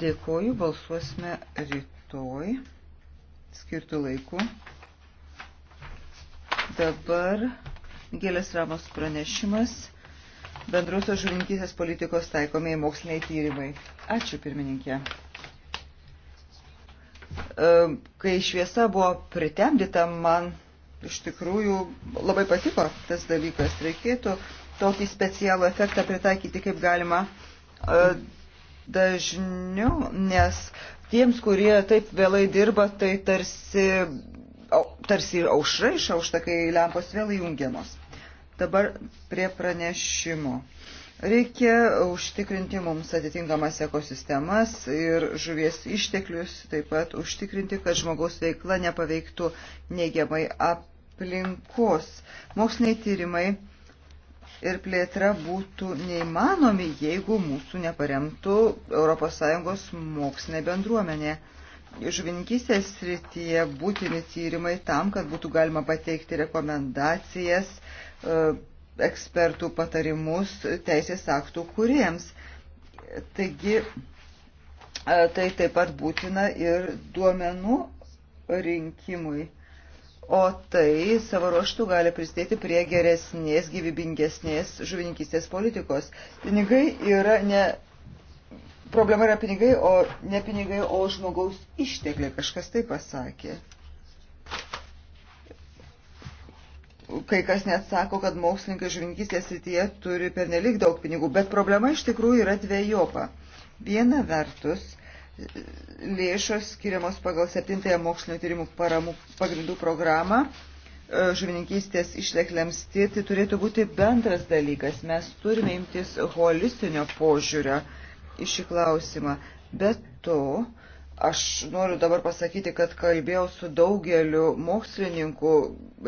Dėkoju, balsuosime rytoj skirtų laikų. Dabar Gėlės Ramos pranešimas bendrusios žuvinkysės politikos taikomieji moksliniai tyrimai. Ačiū pirmininkė. E, kai šviesa buvo pritemdyta, man iš tikrųjų labai patiko tas dalykas. Reikėtų tokį specialų efektą pritaikyti kaip galima e, dažniau, nes tiems, kurie taip vėlai dirba, tai tarsi, tarsi aušra išaušta, kai lempos vėl įjungiamos. Dabar prie pranešimo. Reikia užtikrinti mums atitinkamas ekosistemas ir žuvies išteklius, taip pat užtikrinti, kad žmogaus veikla nepaveiktų neigiamai aplinkos. Moksliniai tyrimai ir plėtra būtų neįmanomi, jeigu mūsų neparemtų ES mokslinė bendruomenė. Žuvininkystės srityje būtini tyrimai tam, kad būtų galima pateikti rekomendacijas, e, ekspertų patarimus teisės aktų kuriems. Taigi, e, tai taip pat būtina ir duomenų rinkimui o tai savo ruoštų gali prisidėti prie geresnės, gyvybingesnės žuvininkystės politikos. Pinigai yra ne. Problema yra pinigai, o ne pinigai, o žmogaus ištekliai, kažkas tai pasakė. Kai kas net sako, kad mokslininkai žuvininkystės srityje turi pernelik daug pinigų, bet problema iš tikrųjų yra dviejopa. Viena vertus, lėšos skiriamos pagal 7 mokslinio tyrimų paramų pagrindų programą e, žuvininkystės ištekliams tirti turėtų būti bendras dalykas. Mes turime imtis holistinio požiūrio į šį klausimą. Bet to aš noriu dabar pasakyti, kad kalbėjau su daugeliu mokslininkų,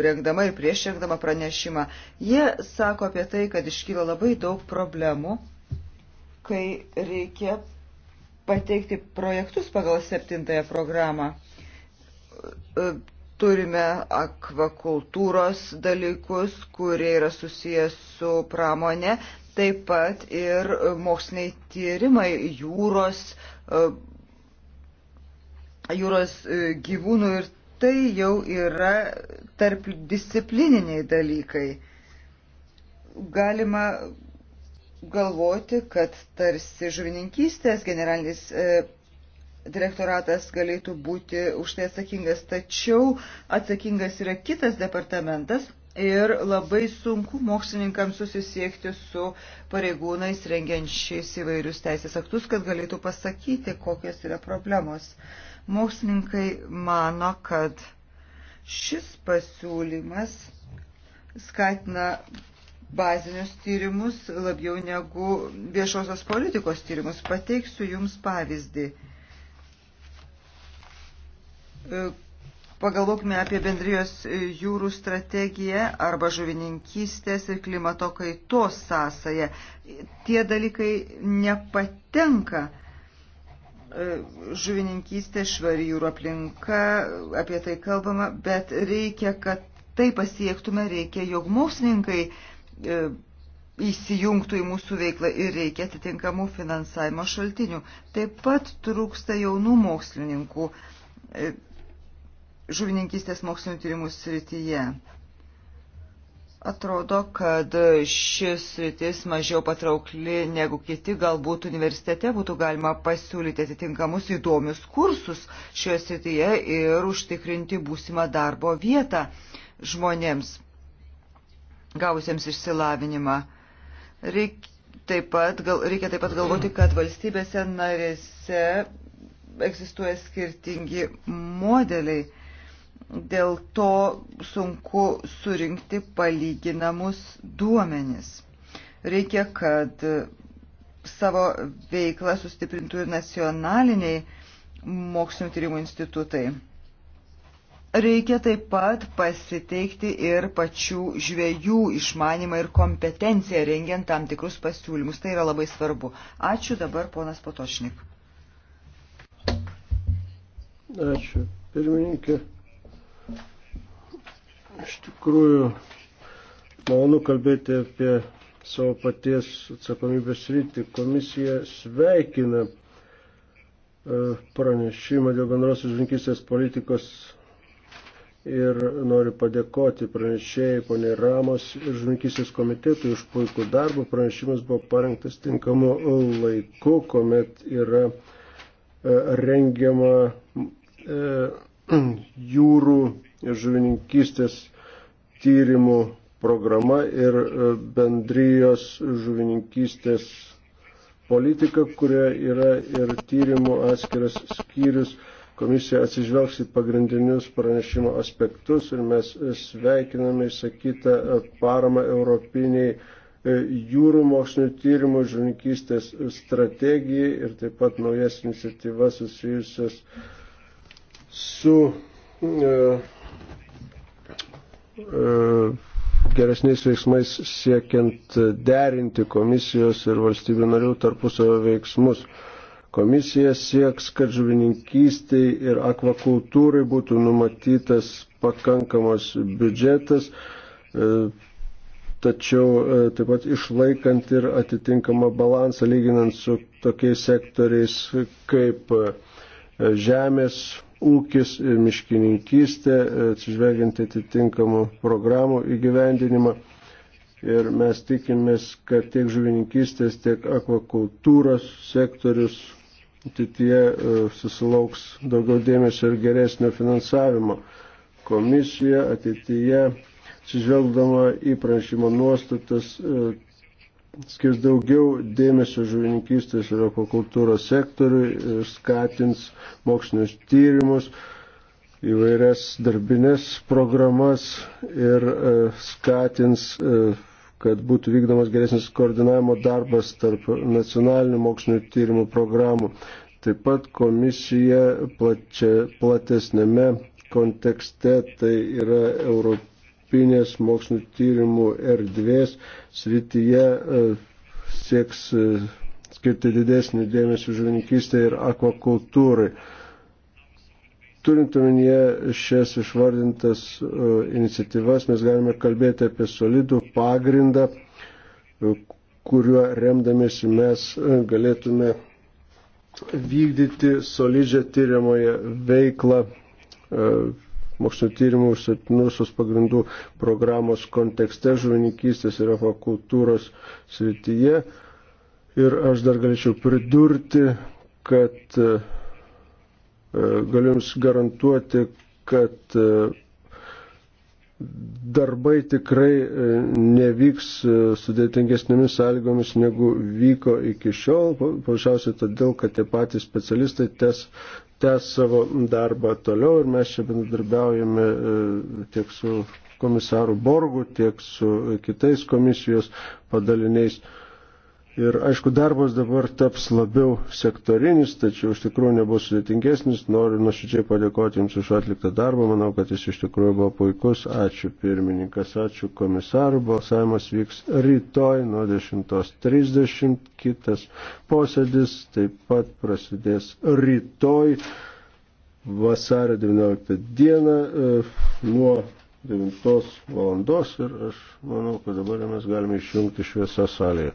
rengdama ir prieš rengdama pranešimą. Jie sako apie tai, kad iškyla labai daug problemų, kai reikia pateikti projektus pagal septintąją programą. E, turime akvakultūros dalykus, kurie yra susijęs su pramonė, taip pat ir moksliniai tyrimai jūros, e, jūros e, gyvūnų ir tai jau yra tarp disciplininiai dalykai. Galima galvoti, kad tarsi žuvininkystės generalinis e, direktoratas galėtų būti už tai atsakingas, tačiau atsakingas yra kitas departamentas ir labai sunku mokslininkams susisiekti su pareigūnais rengiančiais įvairius teisės aktus, kad galėtų pasakyti, kokios yra problemos. Mokslininkai mano, kad šis pasiūlymas skatina bazinius tyrimus labiau negu viešosios politikos tyrimus. Pateiksiu Jums pavyzdį. E, pagalvokime apie bendrijos jūrų strategiją arba žuvininkystės ir klimato kaitos sąsąją. Tie dalykai nepatenka e, žuvininkystė, švari jūrų aplinka, apie tai kalbama, bet reikia, kad tai pasiektume, reikia, jog mokslininkai E, įsijungtų į mūsų veiklą ir reikia atitinkamų finansavimo šaltinių. Taip pat trūksta jaunų mokslininkų e, žuvininkystės mokslinio tyrimų srityje. Atrodo, kad šis sritis mažiau patraukli negu kiti, galbūt universitete būtų galima pasiūlyti atitinkamus įdomius kursus šioje srityje ir užtikrinti būsimą darbo vietą žmonėms gavusiems išsilavinimą. Reik, taip pat, gal, reikia taip pat galvoti, kad valstybėse narėse egzistuoja skirtingi modeliai. Dėl to sunku surinkti palyginamus duomenis. Reikia, kad savo veiklą sustiprintų ir nacionaliniai mokslinio tyrimų institutai. Reikia taip pat pasiteikti ir pačių žvėjų išmanimą ir kompetenciją rengiant tam tikrus pasiūlymus. Tai yra labai svarbu. Ačiū dabar ponas Potošnik. Ačiū. Pirmininkė, iš tikrųjų malonu kalbėti apie savo paties atsakomybės rytį. Komisija sveikina e, pranešimą dėl bendrosios žvinkistės politikos ir noriu padėkoti pranešėjai poniai Ramos ir žvinkysės komitetui už puikų darbą. Pranešimas buvo parengtas tinkamu laiku, kuomet yra e, rengiama e, jūrų žuvininkystės tyrimų programa ir e, bendrijos žuvininkystės politika, kurioje yra ir tyrimų atskiras skyrius komisija atsižvelgs į pagrindinius pranešimo aspektus ir mes sveikiname įsakytą paramą europiniai e, jūrų mokslinio tyrimų žuvininkystės strategijai ir taip pat naujas iniciatyvas susijusias su e, e, geresniais veiksmais siekiant derinti komisijos ir valstybių narių tarpusavio veiksmus. E, Komisija sieks, kad žuvininkystai ir akvakultūrai būtų numatytas pakankamas biudžetas, e, tačiau e, taip pat išlaikant ir atitinkamą balansą lyginant su tokiais sektoriais kaip e, žemės ūkis ir miškininkystė, atsižvelgiant atitinkamų programų įgyvendinimą. Ir mes tikimės, kad tiek žuvininkystės, tiek akvakultūros sektorius ateityje e, susilauks daugiau dėmesio ir geresnio finansavimo. Komisija ateityje, atsižvelgdama į prašymo nuostatas, e, skirs daugiau dėmesio žuvininkystės ir akvakultūros sektoriui, skatins mokslinius tyrimus, įvairias darbinės programas ir e, skatins kad būtų vykdomas geresnis koordinavimo darbas tarp nacionalinių mokslinio tyrimų programų. Taip pat komisija plačia, platesnėme kontekste tai yra Europinės mokslinio tyrimų erdvės srityje e, sieks e, skirti didesnį dėmesį žuvininkystėje ir akvakultūrai. Turint omenyje šias išvardintas e, iniciatyvas, mes galime kalbėti apie solidų pagrindą, e, kuriuo remdamėsi mes e, galėtume vykdyti solidžią tyriamąją veiklą mokslinio tyrimų užsatinusios pagrindų programos kontekste žuvininkystės ir akvakultūros srityje. Ir aš dar galėčiau pridurti, kad uh, E, galiu Jums garantuoti, kad e, darbai tikrai e, nevyks sudėtingesnėmis sąlygomis, negu vyko iki šiol, paprasčiausiai todėl, kad tie patys specialistai tes, tes savo darbą toliau ir mes čia bendradarbiaujame tiek su komisaru Borgu, tiek su kitais komisijos padaliniais. Ir aišku, darbas dabar taps labiau sektorinis, tačiau iš tikrųjų nebus sudėtingesnis. Noriu nuoširdžiai padėkoti Jums už atliktą darbą. Manau, kad jis iš tikrųjų buvo puikus. Ačiū pirmininkas, ačiū komisaru. Balsavimas vyks rytoj nuo 10.30. Kitas posėdis taip pat prasidės rytoj vasario 19 dieną e, nuo 9 valandos ir aš manau, kad dabar mes galime išjungti šviesą salėje.